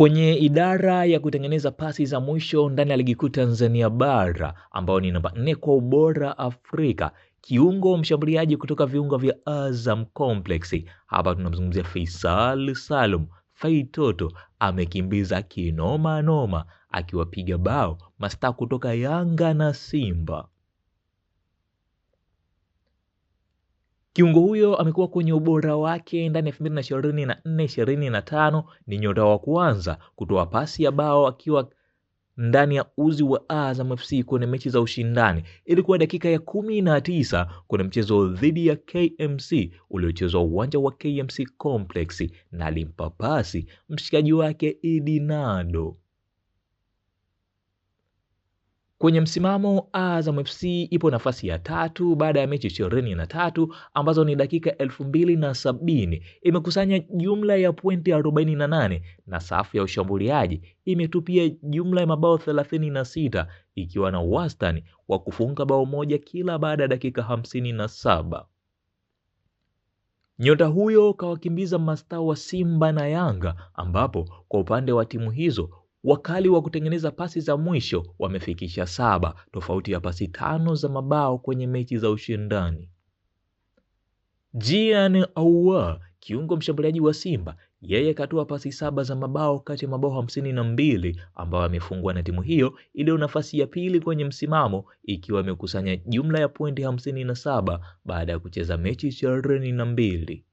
Kwenye idara ya kutengeneza pasi za mwisho ndani ya ligi kuu Tanzania bara ambayo ni namba nne kwa ubora Afrika, kiungo mshambuliaji kutoka viunga vya Azam Complex, hapa tunamzungumzia Faisal Salum Faitoto, amekimbiza kinoma noma akiwapiga bao mastaa kutoka Yanga na Simba. Kiungo huyo amekuwa kwenye ubora wake ndani ya na 25, ni nyota wa kwanza kutoa pasi ya bao akiwa ndani ya uzi wa Azam FC kwenye mechi za ushindani. Ilikuwa dakika ya kumi na tisa kwenye mchezo dhidi ya KMC uliochezwa uwanja wa KMC Complex, na alimpa pasi mshikaji wake Idinado. Kwenye msimamo Azam FC ipo nafasi ya tatu baada ya mechi ishirini na tatu ambazo ni dakika elfu mbili na sabini. Imekusanya jumla ya pointi arobaini na nane na safu ya ushambuliaji imetupia jumla ya mabao thelathini na sita ikiwa na wastani wa kufunga bao moja kila baada ya dakika hamsini na saba. Nyota huyo kawakimbiza mastaa wa Simba na Yanga ambapo kwa upande wa timu hizo wakali wa kutengeneza pasi za mwisho wamefikisha saba, tofauti ya pasi tano za mabao kwenye mechi za ushindani. Jean Ahoua, kiungo mshambuliaji wa Simba, yeye katoa pasi saba za mabao kati ya mabao hamsini na mbili ambayo amefungwa na timu hiyo iliyo nafasi ya pili kwenye msimamo ikiwa imekusanya jumla ya pointi hamsini na saba baada ya kucheza mechi ishirini na mbili.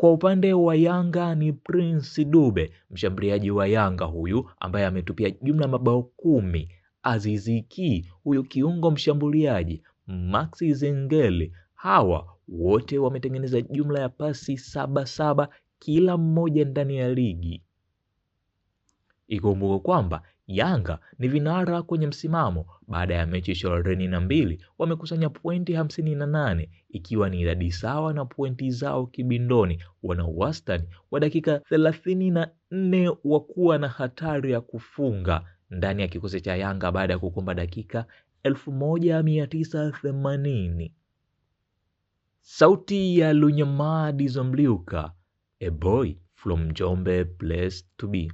Kwa upande wa Yanga ni Prince Dube, mshambuliaji wa Yanga huyu ambaye ametupia jumla mabao kumi. aziziki huyu kiungo mshambuliaji, Maxi Zengeli, hawa wote wametengeneza jumla ya pasi saba saba kila mmoja ndani ya ligi. Ikumbukwe kwamba Yanga ni vinara kwenye msimamo baada ya mechi ishirini na mbili wamekusanya pointi hamsini na nane ikiwa ni idadi sawa na pointi zao kibindoni. Wana wastani wa dakika thelathini na nne wa kuwa na hatari ya kufunga ndani ya kikosi cha Yanga baada ya kukomba dakika elfu moja mia tisa themanini. Sauti ya Lunyamadi Zomliuka, a boy from Njombe place to be.